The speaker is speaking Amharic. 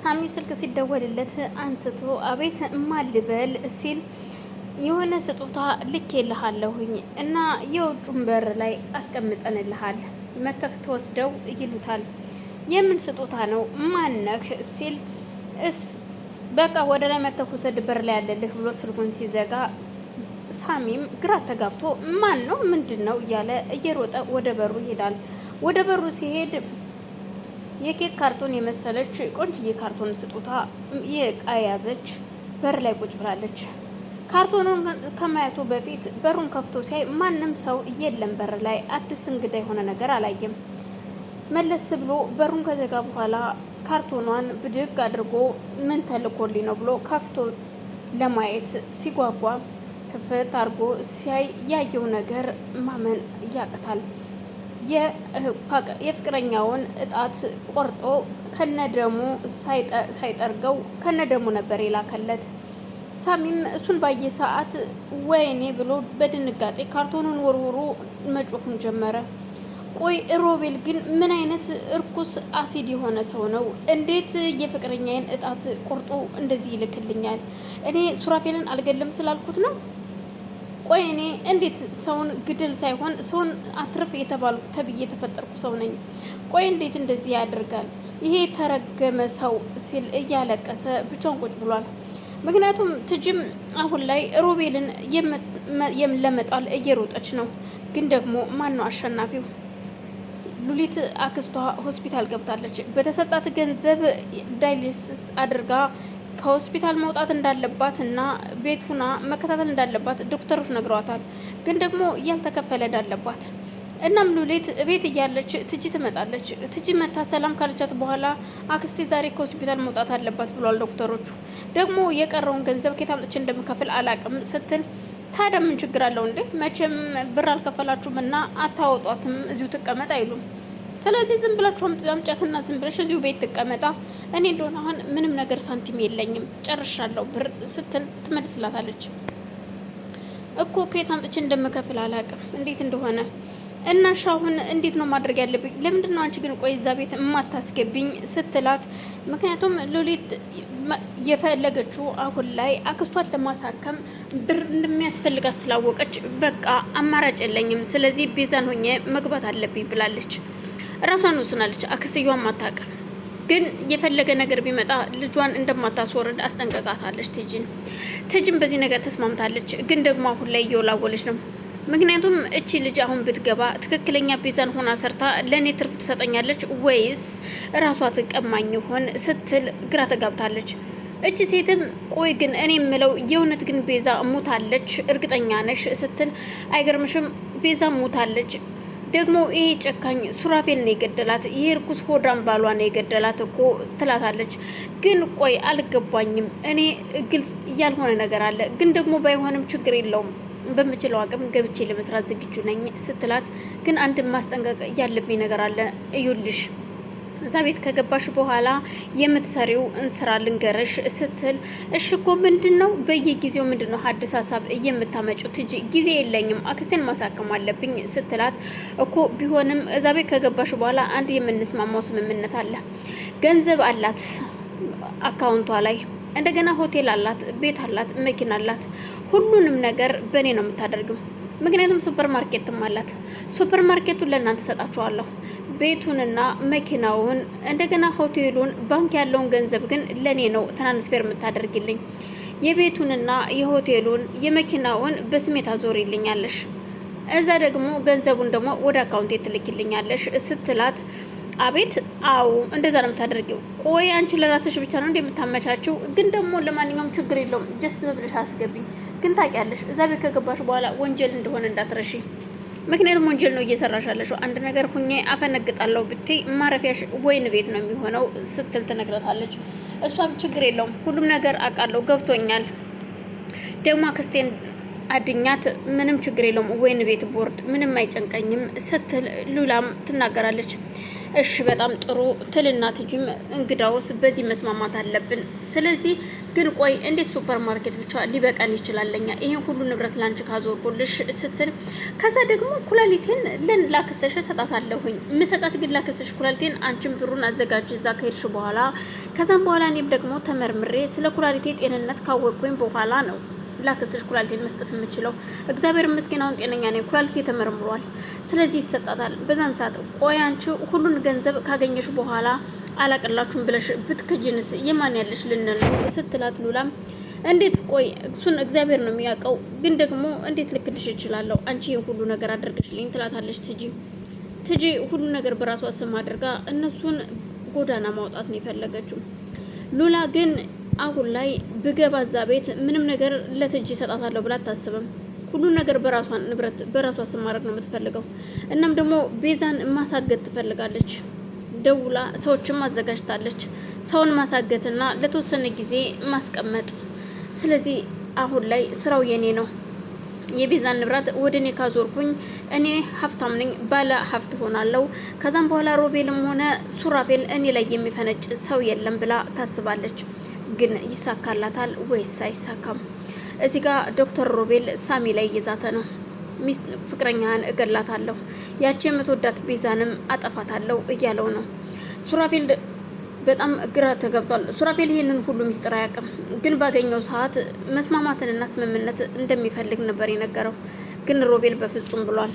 ሳሚ ስልክ ሲደወልለት አንስቶ አቤት ማልበል ሲል የሆነ ስጦታ ልክ የልሃለሁኝ እና የውጩን በር ላይ አስቀምጠንልሃል መተክ ተወስደው ይሉታል። የምን ስጦታ ነው ማነህ? ሲል እስ በቃ ወደ ላይ መተኩ ውሰድ በር ላይ ያለልህ ብሎ ስልኩን ሲዘጋ ሳሚም ግራ ተጋብቶ ማን ነው ምንድን ነው እያለ እየሮጠ ወደ በሩ ይሄዳል። ወደ በሩ ሲሄድ የኬክ ካርቶን የመሰለች ቆንጅዬ ካርቶን ስጦታ የእቃ የያዘች በር ላይ ቁጭ ብላለች። ካርቶኑን ከማየቱ በፊት በሩን ከፍቶ ሲያይ ማንም ሰው የለም በር ላይ አዲስ እንግዳ የሆነ ነገር አላየም። መለስ ብሎ በሩን ከዘጋ በኋላ ካርቶኗን ብድግ አድርጎ ምን ተልኮልኝ ነው ብሎ ከፍቶ ለማየት ሲጓጓ ክፍት አድርጎ ሲያይ ያየው ነገር ማመን ያቅታል። የፍቅረኛውን እጣት ቆርጦ ከነደሙ ሳይጠርገው ከነደሙ ነበር የላከለት። ሳሚም እሱን ባየ ሰዓት ወይኔ ብሎ በድንጋጤ ካርቶኑን ወርውሮ መጮህም ጀመረ። ቆይ ሮቤል ግን ምን አይነት እርኩስ አሲድ የሆነ ሰው ነው? እንዴት የፍቅረኛዬን እጣት ቆርጦ እንደዚህ ይልክልኛል? እኔ ሱራፌልን አልገለም ስላልኩት ነው ቆይ እኔ እንዴት ሰውን ግድል ሳይሆን ሰውን አትርፍ የተባልኩ ተብዬ የተፈጠርኩ ሰው ነኝ። ቆይ እንዴት እንደዚህ ያደርጋል ይሄ የተረገመ ሰው ሲል እያለቀሰ ብቻውን ቁጭ ብሏል። ምክንያቱም ትጅም አሁን ላይ ሮቤልን ለመጣል እየሮጠች ነው። ግን ደግሞ ማን ነው አሸናፊው? ሉሊት አክስቷ ሆስፒታል ገብታለች። በተሰጣት ገንዘብ ዳይሊስስ አድርጋ ከሆስፒታል መውጣት እንዳለባት እና ቤት ሁና መከታተል እንዳለባት ዶክተሮች ነግረዋታል። ግን ደግሞ እያልተከፈለ እንዳለባት እናም ሉሌት ቤት እያለች ትጂ ትመጣለች። ትጂ መታ ሰላም ካለቻት በኋላ አክስቴ ዛሬ ከሆስፒታል መውጣት አለባት ብሏል ዶክተሮቹ። ደግሞ የቀረውን ገንዘብ ከየት አምጥቼ እንደምከፍል አላቅም ስትል ታዲያ ምን ችግር አለው እንዴ? መቼም ብር አልከፈላችሁም እና አታወጧትም፣ እዚሁ ትቀመጥ አይሉም ስለዚህ ዝም ብላችሁ አምጫትና ዝም ብለሽ እዚሁ ቤት ትቀመጣ፣ እኔ እንደሆነ አሁን ምንም ነገር ሳንቲም የለኝም ጨርሻለሁ ብር ስትል ትመልስላታለች። እኮ ከየት አምጥቼ እንደምከፍል አላውቅም እንዴት እንደሆነ እና እሺ አሁን እንዴት ነው ማድረግ ያለብኝ? ለምንድን ነው አንቺ ግን ቆይ እዛ ቤት የማታስገብኝ ስትላት፣ ምክንያቱም ሎሊት የፈለገችው አሁን ላይ አክስቷን ለማሳከም ብር እንደሚያስፈልጋት ስላወቀች፣ በቃ አማራጭ የለኝም፣ ስለዚህ ቤዛን ሆኜ መግባት አለብኝ ብላለች። ራሷን ወስናለች። አክስትየዋን ማታቀም ግን የፈለገ ነገር ቢመጣ ልጇን እንደማታስወርድ አስጠንቀቃታለች። ትጅን ትጅን በዚህ ነገር ተስማምታለች። ግን ደግሞ አሁን ላይ እየወላወለች ነው። ምክንያቱም እቺ ልጅ አሁን ብትገባ ትክክለኛ ቤዛን ሆና ሰርታ ለእኔ ትርፍ ትሰጠኛለች ወይስ ራሷ ትቀማኝ ይሆን ስትል ግራ ተጋብታለች። እቺ ሴትም ቆይ ግን እኔ የምለው የእውነት ግን ቤዛ ሞታለች እርግጠኛ ነሽ ስትል አይገርምሽም? ቤዛ ሞታለች ደግሞ ይሄ ጨካኝ ሱራፌል ነው የገደላት፣ ይሄ እርኩስ ሆዳም ባሏ ነው የገደላት እኮ ትላታለች። ግን ቆይ አልገባኝም፣ እኔ ግልጽ ያልሆነ ነገር አለ። ግን ደግሞ ባይሆንም ችግር የለውም በምችለው አቅም ገብቼ ለመስራት ዝግጁ ነኝ ስትላት፣ ግን አንድ ማስጠንቀቅ ያለብኝ ነገር አለ እዩልሽ እዛ ቤት ከገባሽ በኋላ የምትሰሪው እንስራ ልንገረሽ ስትል እሺ እኮ ምንድን ነው በየጊዜው ምንድን ነው አዲስ ሀሳብ የምታመጩት እንጂ ጊዜ የለኝም አክስቴን ማሳከም አለብኝ ስትላት እኮ ቢሆንም እዛ ቤት ከገባሽ በኋላ አንድ የምንስማማው ስምምነት አለ። ገንዘብ አላት አካውንቷ ላይ እንደገና ሆቴል አላት፣ ቤት አላት፣ መኪና አላት። ሁሉንም ነገር በእኔ ነው የምታደርግም። ምክንያቱም ሱፐር ማርኬትም አላት። ሱፐር ማርኬቱን ለእናንተ ሰጣችኋለሁ፣ ቤቱንና መኪናውን እንደገና ሆቴሉን፣ ባንክ ያለውን ገንዘብ ግን ለእኔ ነው ትራንስፌር የምታደርግልኝ። የቤቱንና የሆቴሉን የመኪናውን በስሜት አዞሪልኛለሽ፣ እዛ ደግሞ ገንዘቡን ደግሞ ወደ አካውንቴ ትልኪልኛለሽ ስትላት አቤት አዎ፣ እንደዛ ነው የምታደርጊው። ቆይ አንቺ ለራስሽ ብቻ ነው እንደ የምታመቻችው። ግን ደግሞ ለማንኛውም ችግር የለውም ጀስት ብለሽ አስገቢ። ግን ታውቂያለሽ፣ እዛ ቤት ከገባሽ በኋላ ወንጀል እንደሆነ እንዳትረሺ። ምክንያቱም ወንጀል ነው እየሰራሽ ያለሽው። አንድ ነገር ሁኜ አፈነግጣለሁ ብትይ ማረፊያሽ ወይን ቤት ነው የሚሆነው ስትል ትነግረታለች። እሷም ችግር የለውም ሁሉም ነገር አውቃለሁ ገብቶኛል። ደግሞ አክስቴን አድኛት ምንም ችግር የለውም ወይን ቤት ቦርድ ምንም አይጨንቀኝም ስትል ሉላም ትናገራለች። እሺ በጣም ጥሩ ትልና ትጅም እንግዳውስ በዚህ መስማማት አለብን። ስለዚህ ግን ቆይ እንዴት ሱፐር ማርኬት ብቻ ሊበቃን ለኛ ይህን ሁሉ ንብረት ላንቺ ካዞርኩልሽ ስትል ከዛ ደግሞ ኩላሊቴን ለን ላክስተሽ ሰጣት አለሁኝ ምሰጣት ግን ላክስተሽ ኩላሊቴን አንቺን ብሩን አዘጋጅ እዛ ከሄድሽ በኋላ ከዛም በኋላ እኔም ደግሞ ተመርምሬ ስለ ኩላሊቴ ጤንነት ካወቅኩኝ በኋላ ነው ላክስትሽ ኩላሊቴን መስጠት የምችለው እግዚአብሔር ይመስገን አሁን ጤነኛ ነኝ፣ ኩላሊቴ ተመርምሯል፣ ስለዚህ ይሰጣታል። በዛን ሰዓት ቆይ አንቺ ሁሉን ገንዘብ ካገኘሽ በኋላ አላቅላችሁም ብለሽ ብትክጅንስ የማን ያለሽ ልንል ነው ስትላት ሉላም እንዴት ቆይ እሱን እግዚአብሔር ነው የሚያውቀው፣ ግን ደግሞ እንዴት ልክድሽ እችላለሁ አንቺ ይህን ሁሉ ነገር አድርገሽልኝ ትላታለች ትጂ ትጂ ሁሉ ነገር በራሷ ስም አድርጋ እነሱን ጎዳና ማውጣት ነው የፈለገችው ሉላ ግን አሁን ላይ ብገባ እዛ ቤት ምንም ነገር ለትጅ ይሰጣታለሁ ብላ አታስብም። ሁሉን ነገር በራሷ ንብረት በራሷ ስም ማድረግ ነው የምትፈልገው። እናም ደግሞ ቤዛን ማሳገት ትፈልጋለች። ደውላ ሰዎችን ማዘጋጅታለች፣ ሰውን ማሳገትና ለተወሰነ ጊዜ ማስቀመጥ። ስለዚህ አሁን ላይ ስራው የኔ ነው። የቤዛን ንብረት ወደ እኔ ካዞርኩኝ እኔ ሀብታም ነኝ፣ ባለ ሀብት ሆናለሁ። ከዛም በኋላ ሮቤልም ሆነ ሱራፌል እኔ ላይ የሚፈነጭ ሰው የለም ብላ ታስባለች። ግን ይሳካላታል ወይስ አይሳካም? እዚህ ጋር ዶክተር ሮቤል ሳሚ ላይ እየዛተ ነው። ሚስት ፍቅረኛህን እገላታለሁ፣ ያቺ የምትወዳት ቤዛንም አጠፋታለሁ እያለው ነው። ሱራፌል በጣም ግራ ተገብቷል። ሱራፌል ይህንን ሁሉ ሚስጥር አያውቅም፣ ግን ባገኘው ሰዓት መስማማትንና ስምምነት እንደሚፈልግ ነበር የነገረው። ግን ሮቤል በፍጹም ብሏል።